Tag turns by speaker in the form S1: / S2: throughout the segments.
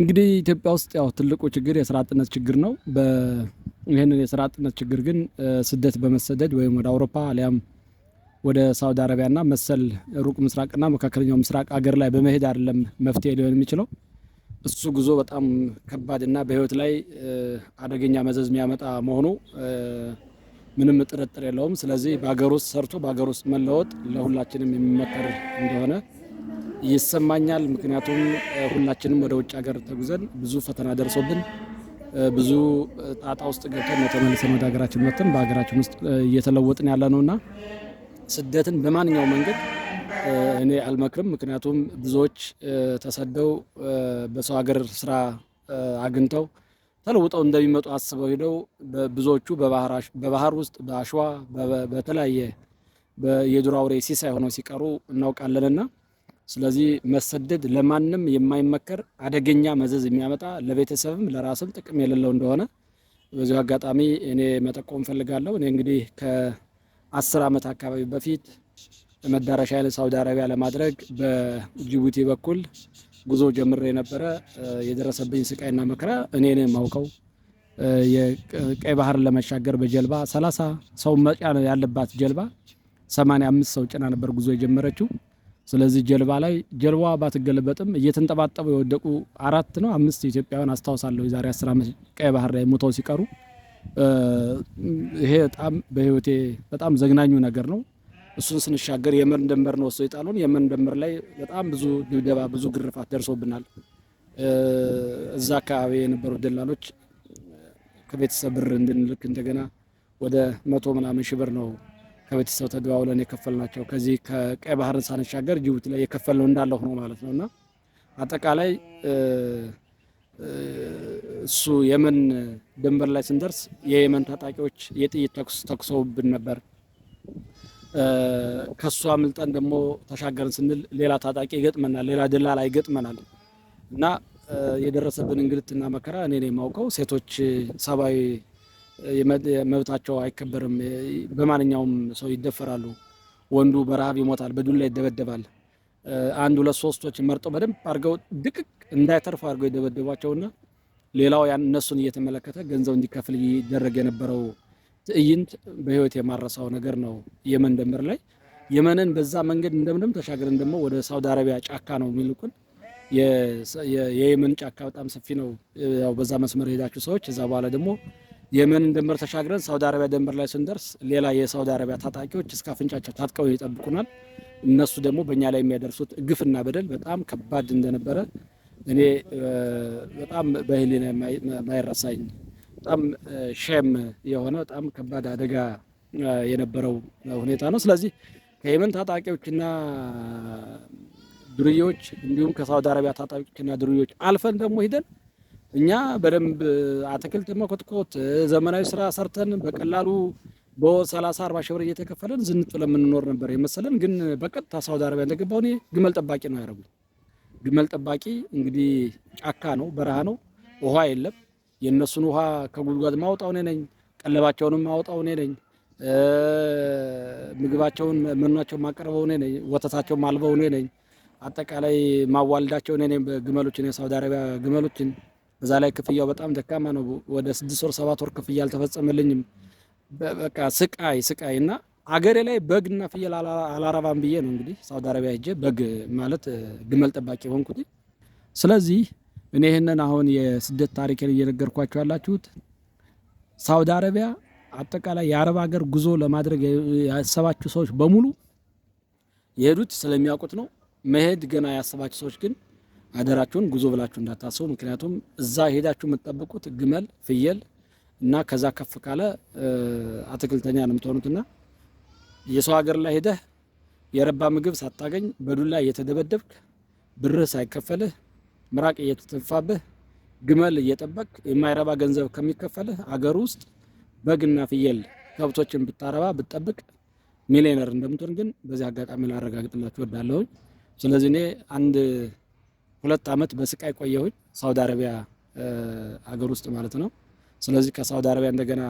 S1: እንግዲህ ኢትዮጵያ ውስጥ ያው ትልቁ ችግር የስራ አጥነት ችግር ነው። ይህንን የስራ አጥነት ችግር ግን ስደት በመሰደድ ወይም ወደ አውሮፓ አሊያም ወደ ሳውዲ አረቢያና መሰል ሩቅ ምስራቅና መካከለኛው ምስራቅ አገር ላይ በመሄድ አይደለም መፍትሄ ሊሆን የሚችለው። እሱ ጉዞ በጣም ከባድና በህይወት ላይ አደገኛ መዘዝ የሚያመጣ መሆኑ ምንም ጥርጥር የለውም። ስለዚህ በሀገር ውስጥ ሰርቶ በሀገር ውስጥ መለወጥ ለሁላችንም የሚመከር እንደሆነ ይሰማኛል። ምክንያቱም ሁላችንም ወደ ውጭ ሀገር ተጉዘን ብዙ ፈተና ደርሶብን ብዙ ጣጣ ውስጥ ገብተን ነው ተመልሰን ወደ ሀገራችን መጥተን በሀገራችን ውስጥ እየተለወጥን ያለ ነው እና ስደትን በማንኛው መንገድ እኔ አልመክርም። ምክንያቱም ብዙዎች ተሰደው በሰው ሀገር ስራ አግኝተው ተለውጠው እንደሚመጡ አስበው ሄደው ብዙዎቹ በባህር ውስጥ በአሸዋ በተለያየ የዱር አውሬ ሲሳይ ሆነው ሲቀሩ እናውቃለንና ስለዚህ መሰደድ ለማንም የማይመከር አደገኛ መዘዝ የሚያመጣ ለቤተሰብም ለራስም ጥቅም የሌለው እንደሆነ በዚሁ አጋጣሚ እኔ መጠቆም ፈልጋለሁ። እኔ እንግዲህ ከአስር ዓመት አካባቢ በፊት መዳረሻዬን ሳውዲ አረቢያ ለማድረግ በጅቡቲ በኩል ጉዞ ጀምሬ የነበረ የደረሰብኝ ስቃይና መከራ እኔን ማውቀው የቀይ ባህርን ለመሻገር በጀልባ ሰላሳ ሰው መጫን ያለባት ጀልባ ሰማንያ አምስት ሰው ጭና ነበር ጉዞ የጀመረችው። ስለዚህ ጀልባ ላይ ጀልባዋ ባትገለበጥም እየተንጠባጠቡ የወደቁ አራት ነው አምስት ኢትዮጵያውያን አስታውሳለሁ። የዛሬ አስር ዓመት ቀይ ባህር ላይ ሙተው ሲቀሩ ይሄ በጣም በህይወቴ በጣም ዘግናኙ ነገር ነው። እሱን ስንሻገር የመን ድንበር ነው ወስደው የጣሉን። የመን ድንበር ላይ በጣም ብዙ ድብደባ፣ ብዙ ግርፋት ደርሶብናል። እዛ አካባቢ የነበሩ ደላሎች ከቤተሰብ ብር እንድንልክ እንደገና ወደ መቶ ምናምን ሺህ ብር ነው ከቤተሰብ ተደዋውለን የከፈልናቸው ከዚህ ከቀይ ባህርን ሳንሻገር ጅቡቲ ላይ የከፈልነው እንዳለ ሆኖ ማለት ነው እና አጠቃላይ እሱ የመን ድንበር ላይ ስንደርስ የየመን ታጣቂዎች የጥይት ተኩስ ተኩሰውብን ነበር። ከሱ አምልጠን ደግሞ ተሻገርን ስንል ሌላ ታጣቂ ይገጥመናል፣ ሌላ ደላላ ይገጥመናል እና የደረሰብን እንግልትና መከራ እኔ ነው የማውቀው። ሴቶች ሰብአዊ መብታቸው አይከበርም። በማንኛውም ሰው ይደፈራሉ። ወንዱ በረሃብ ይሞታል፣ በዱላ ይደበደባል። አንድ ሁለት ሶስቶች መርጦ በደንብ አድርገው ድቅቅ እንዳይተርፉ አድርገው ይደበደቧቸውና ሌላው ያን እነሱን እየተመለከተ ገንዘብ እንዲከፍል ይደረግ የነበረው ትዕይንት በህይወት የማረሳው ነገር ነው። የመን ድንበር ላይ የመንን በዛ መንገድ እንደምንም ተሻገርን ደግሞ ወደ ሳውዲ አረቢያ ጫካ ነው የሚልኩን። የየመን ጫካ በጣም ሰፊ ነው። ያው በዛ መስመር ሄዳችሁ ሰዎች እዛ በኋላ ደግሞ የመንን ድንበር ተሻግረን ሳውዲ አረቢያ ድንበር ላይ ስንደርስ ሌላ የሳውዲ አረቢያ ታጣቂዎች እስከ አፍንጫቸው ታጥቀው ይጠብቁናል። እነሱ ደግሞ በእኛ ላይ የሚያደርሱት ግፍና በደል በጣም ከባድ እንደነበረ እኔ በጣም በህሊና ማይረሳኝ በጣም ሼም የሆነ በጣም ከባድ አደጋ የነበረው ሁኔታ ነው። ስለዚህ ከየመን ታጣቂዎችና ድርዮች እንዲሁም ከሳውዲ አረቢያ ታጣቂዎችና ድርዮች አልፈን ደግሞ ሂደን እኛ በደንብ አትክልት መኮትኮት ዘመናዊ ስራ ሰርተን በቀላሉ በሰላሳ አርባ ሺህ ብር እየተከፈለን ዝንጥ ለምንኖር ነበር የመሰለን። ግን በቀጥታ ሳውዲ አረቢያ እንደገባሁ እኔ ግመል ጠባቂ ነው ያደረጉኝ። ግመል ጠባቂ እንግዲህ ጫካ ነው፣ በረሃ ነው፣ ውሃ የለም። የእነሱን ውሃ ከጉድጓድ ማውጣው እኔ ነኝ፣ ቀለባቸውንም ማውጣው እኔ ነኝ፣ ምግባቸውን መኗቸውን ማቀርበው እኔ ነኝ፣ ወተታቸውን ማልበው እኔ ነኝ፣ አጠቃላይ ማዋልዳቸው እኔ ነኝ። ግመሎችን የሳውዲ አረቢያ ግመሎችን በዛ ላይ ክፍያው በጣም ደካማ ነው። ወደ ስድስት ወር ሰባት ወር ክፍያ አልተፈጸመልኝም። በቃ ስቃይ ስቃይ እና አገሬ ላይ በግና ፍየል አላረባም ብዬ ነው እንግዲህ ሳውዲ አረቢያ ሄጄ በግ ማለት ግመል ጠባቂ ሆንኩት። ስለዚህ እኔ ይህንን አሁን የስደት ታሪክን እየነገርኳችሁ ያላችሁት ሳውዲ አረቢያ አጠቃላይ የአረብ ሀገር ጉዞ ለማድረግ ያሰባችሁ ሰዎች በሙሉ የሄዱት ስለሚያውቁት ነው። መሄድ ገና ያሰባችሁ ሰዎች ግን አደራችሁን ጉዞ ብላችሁ እንዳታስቡ። ምክንያቱም እዛ ሄዳችሁ የምትጠብቁት ግመል፣ ፍየል እና ከዛ ከፍ ካለ አትክልተኛ ነው የምትሆኑትና የሰው ሀገር ላይ ሄደህ የረባ ምግብ ሳታገኝ በዱላ እየተደበደብክ ብርህ ሳይከፈልህ ምራቅ እየተተፋብህ ግመል እየጠበቅ የማይረባ ገንዘብ ከሚከፈልህ አገር ውስጥ በግና ፍየል ከብቶችን ብታረባ ብትጠብቅ ሚሊዮነር እንደምትሆን ግን በዚህ አጋጣሚ ላረጋግጥላችሁ እወዳለሁኝ። ስለዚህ እኔ አንድ ሁለት ዓመት በስቃይ ቆየሁኝ ሳውዲ አረቢያ አገር ውስጥ ማለት ነው። ስለዚህ ከሳውዲ አረቢያ እንደገና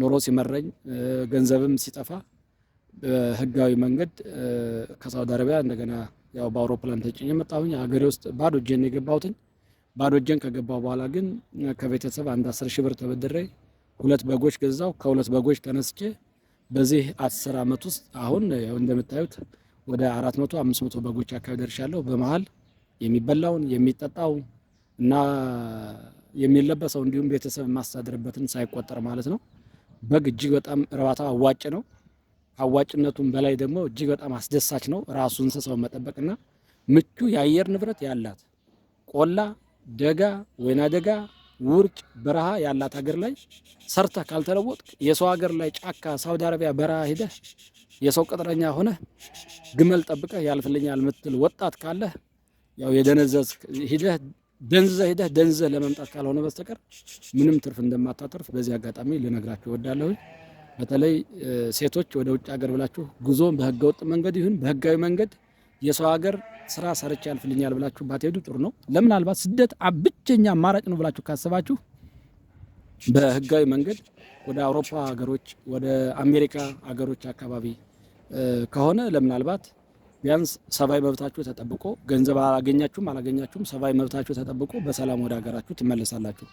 S1: ኑሮ ሲመረኝ ገንዘብም ሲጠፋ በህጋዊ መንገድ ከሳውዲ አረቢያ እንደገና ያው በአውሮፕላን ተጭኜ መጣሁኝ። ሀገሬ ውስጥ ባዶ እጄን የገባሁትኝ። ባዶ እጄን ከገባሁ በኋላ ግን ከቤተሰብ አንድ አስር ሺህ ብር ተበድሬ ሁለት በጎች ገዛው። ከሁለት በጎች ተነስቼ በዚህ አስር ዓመት ውስጥ አሁን እንደምታዩት ወደ አራት መቶ አምስት መቶ በጎች አካባቢ ደርሻለሁ በመሀል የሚበላውን የሚጠጣው እና የሚለበሰው እንዲሁም ቤተሰብ የማስተዳደርበትን ሳይቆጠር ማለት ነው። በግ እጅግ በጣም እርባታው አዋጭ ነው። አዋጭነቱም በላይ ደግሞ እጅግ በጣም አስደሳች ነው። ራሱ እንስሳውን መጠበቅና ምቹ የአየር ንብረት ያላት ቆላ፣ ደጋ፣ ወይና ደጋ፣ ውርጭ፣ በረሃ ያላት ሀገር ላይ ሰርተህ ካልተለወጥ የሰው ሀገር ላይ ጫካ፣ ሳውዲ አረቢያ በረሃ ሂደህ የሰው ቅጥረኛ ሆነህ ግመል ጠብቀህ ያልፍልኛል ምትል ወጣት ካለህ ያው የደነዘዝ ሂደህ ደንዝዘህ ሂደህ ደንዝዘህ ለመምጣት ካልሆነ በስተቀር ምንም ትርፍ እንደማታተርፍ በዚህ አጋጣሚ ልነግራችሁ ወዳለሁ በተለይ ሴቶች ወደ ውጭ ሀገር ብላችሁ ጉዞ በህገወጥ መንገድ ይሁን በህጋዊ መንገድ የሰው ሀገር ስራ ሰርቼ ያልፍልኛል ብላችሁ ባትሄዱ ጥሩ ነው። ለምናልባት ስደት ብቸኛ አማራጭ ነው ብላችሁ ካሰባችሁ በህጋዊ መንገድ ወደ አውሮፓ ሀገሮች፣ ወደ አሜሪካ ሀገሮች አካባቢ ከሆነ ለምናልባት ቢያንስ ሰብአዊ መብታችሁ ተጠብቆ ገንዘብ አላገኛችሁም አላገኛችሁም ሰብአዊ መብታችሁ ተጠብቆ በሰላም ወደ ሀገራችሁ ትመለሳላችሁ።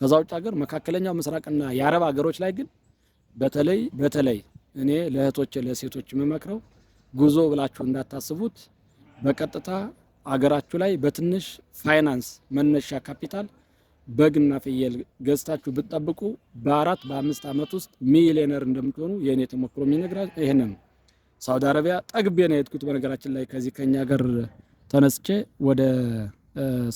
S1: ከዛ ውጭ ሀገር መካከለኛው ምስራቅና የአረብ ሀገሮች ላይ ግን በተለይ በተለይ እኔ ለእህቶች ለሴቶች የምመክረው ጉዞ ብላችሁ እንዳታስቡት በቀጥታ አገራችሁ ላይ በትንሽ ፋይናንስ መነሻ ካፒታል በግና ፍየል ገዝታችሁ ብትጠብቁ በአራት በአምስት ዓመት ውስጥ ሚሊዮነር እንደምትሆኑ የእኔ ተሞክሮ የሚነግራ ይህንን ነው። ሳውዲ አረቢያ ጠግቤ ነው የሄድኩት። በነገራችን ላይ ከዚህ ከኛ ሀገር ተነስቼ ወደ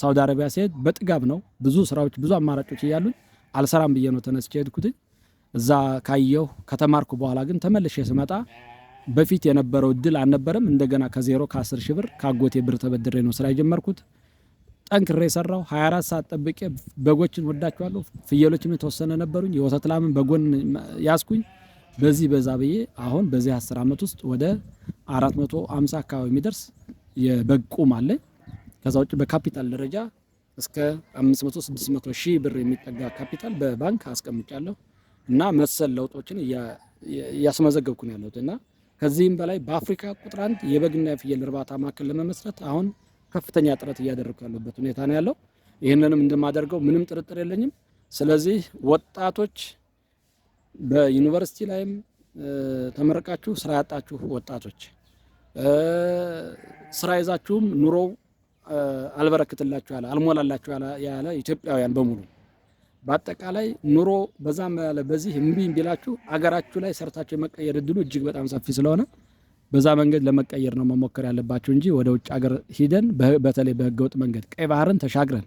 S1: ሳውዲ አረቢያ ሲሄድ በጥጋብ ነው። ብዙ ስራዎች፣ ብዙ አማራጮች እያሉኝ አልሰራም ብዬ ነው ተነስቼ የሄድኩትኝ። እዛ ካየሁ ከተማርኩ በኋላ ግን ተመልሼ ስመጣ በፊት የነበረው እድል አልነበረም። እንደገና ከዜሮ ከ10 ሺህ ብር ከአጎቴ ብር ተበድሬ ነው ስራ የጀመርኩት። ጠንክሬ የሰራው 24 ሰዓት ጠብቄ በጎችን ወዳቸዋለሁ። ፍየሎችም የተወሰነ ነበሩኝ። የወተት ላምን በጎን ያስኩኝ። በዚህ በዛ ብዬ አሁን በዚህ አስር ዓመት ውስጥ ወደ 450 አካባቢ የሚደርስ የበግ ቁም ከዛ ውጭ በካፒታል ደረጃ እስከ 500 600 ሺህ ብር የሚጠጋ ካፒታል በባንክ አስቀምጫለሁ እና መሰል ለውጦችን እያስመዘገብኩ ነው ያለሁት እና ከዚህም በላይ በአፍሪካ ቁጥር አንድ የበግና የፍየል እርባታ ማዕከል ለመመስረት አሁን ከፍተኛ ጥረት እያደረግኩ ያለበት ሁኔታ ነው ያለው። ይህንንም እንደማደርገው ምንም ጥርጥር የለኝም። ስለዚህ ወጣቶች በዩኒቨርሲቲ ላይም ተመረቃችሁ ስራ ያጣችሁ ወጣቶች ስራ ይዛችሁም ኑሮው አልበረክትላችሁ ያለ አልሞላላችሁ ያለ ኢትዮጵያውያን በሙሉ በአጠቃላይ ኑሮ በዛም ያለ በዚህ እምቢ እንቢላችሁ አገራችሁ ላይ ሰርታችሁ የመቀየር እድሉ እጅግ በጣም ሰፊ ስለሆነ በዛ መንገድ ለመቀየር ነው መሞከር ያለባችሁ እንጂ ወደ ውጭ ሀገር ሂደን በተለይ በህገወጥ መንገድ ቀይ ባህርን ተሻግረን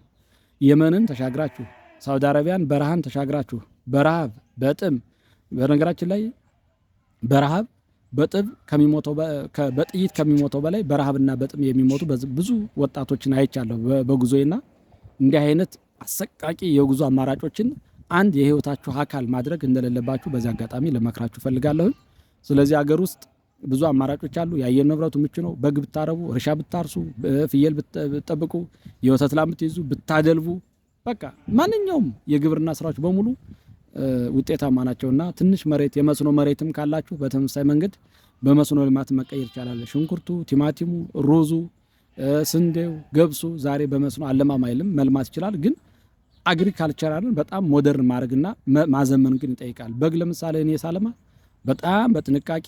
S1: የመንን ተሻግራችሁ ሳውዲ አረቢያን በረሃን ተሻግራችሁ በረሃብ በጥም በነገራችን ላይ በረሃብ በጥብ ከሚሞተው በጥይት ከሚሞተው በላይ በረሃብና በጥም የሚሞቱ ብዙ ወጣቶችን አይቻለሁ በጉዞና እንዲህ አይነት አሰቃቂ የጉዞ አማራጮችን አንድ የህይወታችሁ አካል ማድረግ እንደሌለባችሁ በዚህ አጋጣሚ ለመክራችሁ ፈልጋለሁኝ። ስለዚህ ሀገር ውስጥ ብዙ አማራጮች አሉ። የአየር ንብረቱ ምቹ ነው። በግ ብታረቡ፣ እርሻ ብታርሱ፣ ፍየል ብትጠብቁ፣ የወተት ላም ብትይዙ፣ ብታደልቡ፣ በቃ ማንኛውም የግብርና ስራዎች በሙሉ ውጤታማ ናቸውና ትንሽ መሬት የመስኖ መሬትም ካላችሁ በተመሳሳይ መንገድ በመስኖ ልማት መቀየር ይቻላል። ሽንኩርቱ፣ ቲማቲሙ፣ ሩዙ፣ ስንዴው፣ ገብሱ ዛሬ በመስኖ አለማም አይልም መልማት ይችላል። ግን አግሪካልቸራልን በጣም ሞደርን ማድረግና ማዘመን ግን ይጠይቃል። በግ ለምሳሌ እኔ ሳለማ በጣም በጥንቃቄ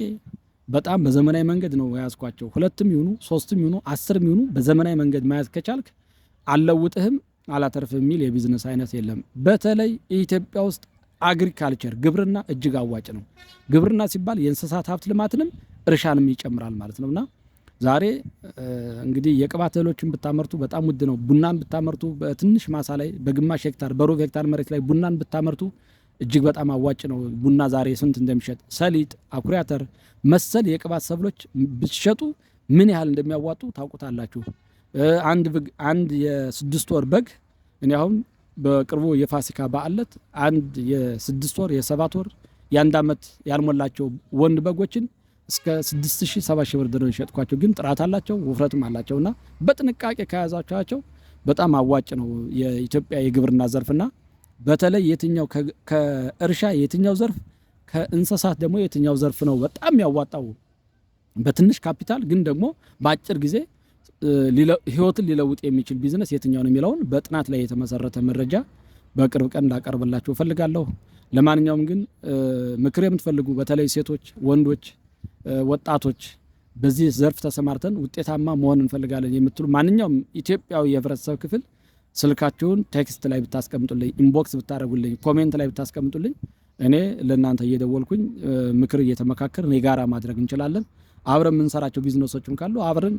S1: በጣም በዘመናዊ መንገድ ነው የያዝኳቸው። ሁለትም ይሁኑ ሶስትም ይሁኑ አስርም ይሁኑ በዘመናዊ መንገድ መያዝ ከቻልክ አልለውጥህም አላተርፍም የሚል የቢዝነስ አይነት የለም። በተለይ ኢትዮጵያ ውስጥ አግሪካልቸር ግብርና እጅግ አዋጭ ነው። ግብርና ሲባል የእንስሳት ሀብት ልማትንም እርሻንም ይጨምራል ማለት ነውና ዛሬ እንግዲህ የቅባት እህሎችን ብታመርቱ በጣም ውድ ነው። ቡናን ብታመርቱ በትንሽ ማሳ ላይ በግማሽ ሄክታር በሩብ ሄክታር መሬት ላይ ቡናን ብታመርቱ እጅግ በጣም አዋጭ ነው። ቡና ዛሬ ስንት እንደሚሸጥ ሰሊጥ፣ አኩሪ አተር መሰል የቅባት ሰብሎች ብትሸጡ ምን ያህል እንደሚያዋጡ ታውቁታላችሁ። አንድ የስድስት ወር በግ እኔ አሁን በቅርቡ የፋሲካ በዓል ዕለት አንድ የስድስት ወር የሰባት ወር የአንድ ዓመት ያልሞላቸው ወንድ በጎችን እስከ 67 ሺህ ብር ድረስ ሸጥኳቸው። ግን ጥራት አላቸው ውፍረትም አላቸውና በጥንቃቄ ከያዛቸዋቸው በጣም አዋጭ ነው። የኢትዮጵያ የግብርና ዘርፍና በተለይ የትኛው ከእርሻ የትኛው ዘርፍ ከእንስሳት ደግሞ የትኛው ዘርፍ ነው በጣም ያዋጣው በትንሽ ካፒታል ግን ደግሞ በአጭር ጊዜ ህይወትን ሊለውጥ የሚችል ቢዝነስ ነው የሚለውን በጥናት ላይ የተመሰረተ መረጃ በቅርብ ቀን እንዳቀርብላችሁ እፈልጋለሁ። ለማንኛውም ግን ምክር የምትፈልጉ በተለይ ሴቶች፣ ወንዶች፣ ወጣቶች በዚህ ዘርፍ ተሰማርተን ውጤታማ መሆን እንፈልጋለን የምትሉ ማንኛውም ኢትዮጵያዊ የህብረተሰብ ክፍል ስልካችሁን ቴክስት ላይ ብታስቀምጡልኝ፣ ኢንቦክስ ብታደረጉልኝ፣ ኮሜንት ላይ ብታስቀምጡልኝ እኔ ለእናንተ እየደወልኩኝ ምክር እየተመካከርን የጋራ ማድረግ እንችላለን። አብረን የምንሰራቸው ቢዝነሶችም ካሉ አብረን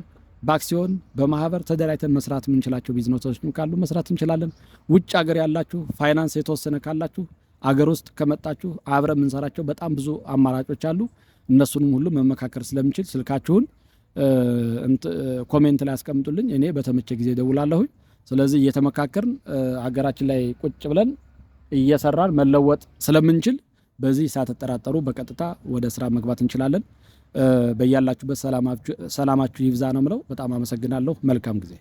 S1: በአክሲዮን በማህበር ተደራጅተን መስራት የምንችላቸው ቢዝነሶች ካሉ መስራት እንችላለን። ውጭ ሀገር ያላችሁ ፋይናንስ የተወሰነ ካላችሁ አገር ውስጥ ከመጣችሁ አብረ የምንሰራቸው በጣም ብዙ አማራጮች አሉ። እነሱንም ሁሉ መመካከር ስለምችል ስልካችሁን ኮሜንት ላይ አስቀምጡልኝ። እኔ በተመቸ ጊዜ ደውላለሁኝ። ስለዚህ እየተመካከርን አገራችን ላይ ቁጭ ብለን እየሰራን መለወጥ ስለምንችል በዚህ ሳትጠራጠሩ በቀጥታ ወደ ስራ መግባት እንችላለን። በያላችሁበት ሰላማችሁ ይብዛ ነው ምለው። በጣም አመሰግናለሁ። መልካም ጊዜ